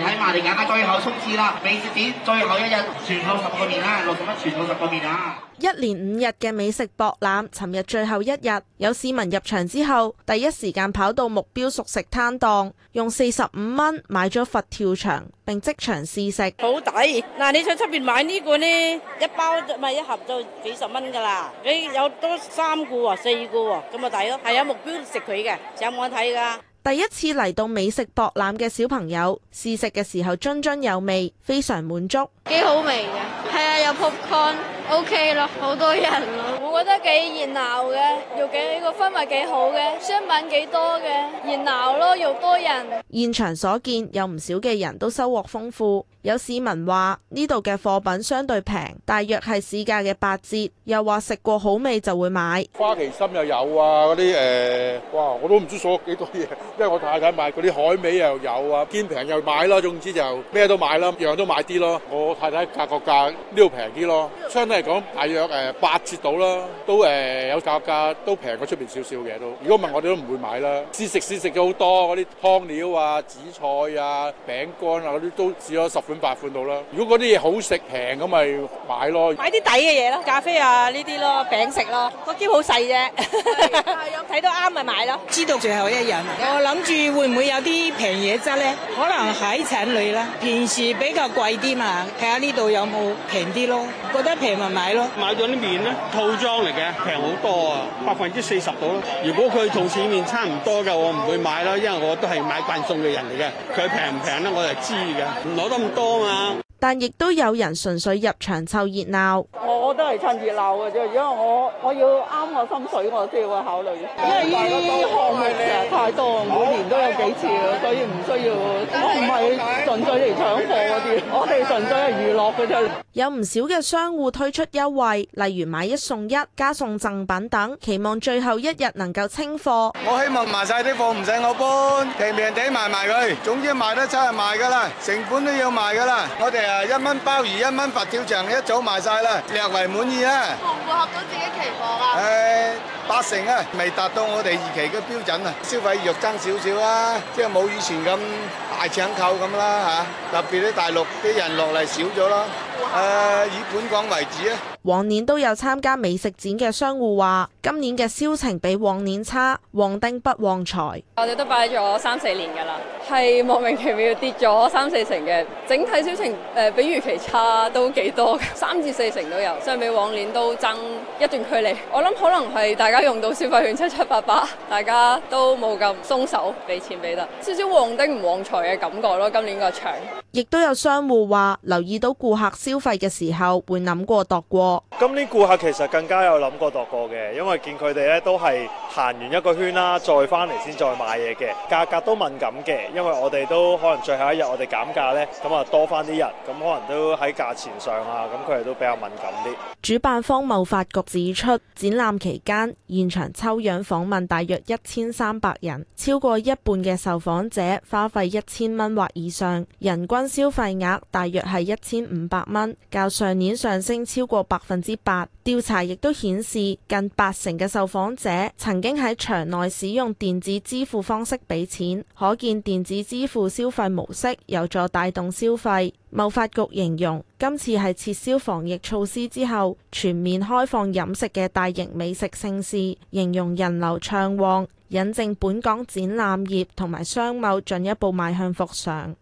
睇嘛，嚟搞下最後衝刺啦！美食展最後一日，全貨十個麵啦、啊，六十蚊全貨十個麵啊！一連五日嘅美食博覽，尋日最後一日，有市民入場之後，第一時間跑到目標熟食攤檔，用四十五蚊買咗佛跳牆，並即場試食，好抵！嗱，你在出邊買呢個呢，一包唔係一盒就幾十蚊噶啦，你有多三個喎，四個喎，咁咪抵咯，係有目標食佢嘅，有冇眼睇噶？第一次嚟到美食博覽嘅小朋友，試食嘅時候津津有味，非常滿足，幾好味嘅，係 啊，有 popcorn。O K 咯，好多人咯，我覺得幾熱鬧嘅，又幾、這個氛圍幾好嘅，商品幾多嘅，熱鬧咯又多人。現場所見，有唔少嘅人都收穫豐富，有市民話呢度嘅貨品相對平，大約係市價嘅八折，又話食過好味就會買。花旗參又有啊，嗰啲誒，哇，我都唔知數咗幾多嘢，因為我太太買嗰啲海味又有啊，見平又買啦，總之就咩都買啦，樣樣都買啲咯。我太太價個價呢度平啲咯，講大約誒八折到啦，都誒有價格，都平過出邊少少嘅都。如果問我哋都唔會買啦，試食試食咗好多嗰啲湯料啊、紫菜啊、餅乾啊嗰啲都試咗十款八款到啦。如果嗰啲嘢好食平咁咪買咯。買啲抵嘅嘢咯，咖啡啊呢啲咯，餅食咯。個肩好細啫，睇到啱咪買咯。知道最後一人，我諗住會唔會有啲平嘢質咧？可能海產類啦，平時比較貴啲嘛，睇下呢度有冇平啲咯。覺得平咪。買咯，買咗啲麵咧，套裝嚟嘅，平好多啊，百分之四十到咯。如果佢同市面差唔多嘅，我唔會買咯，因為我都係買慣送嘅人嚟嘅。佢平唔平咧，我就知嘅，唔攞得咁多嘛。但係亦都有人純粹入場湊熱鬧，我都係趁熱鬧嘅啫，因為我我要啱我心水，我先會考慮。因為呢啲項目實在太多，每年都有幾次啊，所以唔需要。純粹嚟搶貨嗰啲，我哋純粹係娛樂嘅啫。有唔少嘅商戶推出優惠，例如買一送一、加送贈品等，期望最後一日能夠清貨。我希望賣曬啲貨唔使我搬，平平地賣埋佢。總之賣得出去賣㗎啦，成本都要賣㗎啦。我哋啊一蚊鮑魚，一蚊佛跳牆，一早賣曬啦，略為滿意啦。符合到自己期望。八成啊，未達到我哋預期嘅標準啊！消費欲增少少啦，即係冇以前咁大搶購咁啦吓，特別啲大陸啲人落嚟少咗啦。誒，以本港為主啊！往年都有參加美食展嘅商戶話，今年嘅銷情比往年差，旺丁不旺財。我哋都擺咗三四年噶啦，係莫名其妙跌咗三四成嘅，整體銷情、呃、比預期差都幾多，三至四成都有，相比往年都爭一段距離。我諗可能係大家用到消費券七七八八，大家都冇咁鬆手俾錢俾得，少少旺丁唔旺財嘅感覺咯。今年個場亦都有商戶話，留意到顧客消費嘅時候會諗過度過。今啲顧客其實更加有諗過度過嘅，因為見佢哋咧都係行完一個圈啦，再返嚟先再買嘢嘅，價格都敏感嘅，因為我哋都可能最後一日我哋減價呢，咁啊多翻啲人，咁可能都喺價錢上啊，咁佢哋都比較敏感啲。主辦方貿發局指出，展覽期間現場抽樣訪問大約一千三百人，超過一半嘅受訪者花費一千蚊或以上，人均消費額大約係一千五百蚊，較上年上升超過百。百分之八，調查亦都顯示近八成嘅受訪者曾經喺場內使用電子支付方式俾錢，可見電子支付消費模式有助帶動消費。貿發局形容今次係撤銷防疫措施之後全面開放飲食嘅大型美食盛事，形容人流暢旺，引證本港展覽業同埋商貿進一步邁向復常。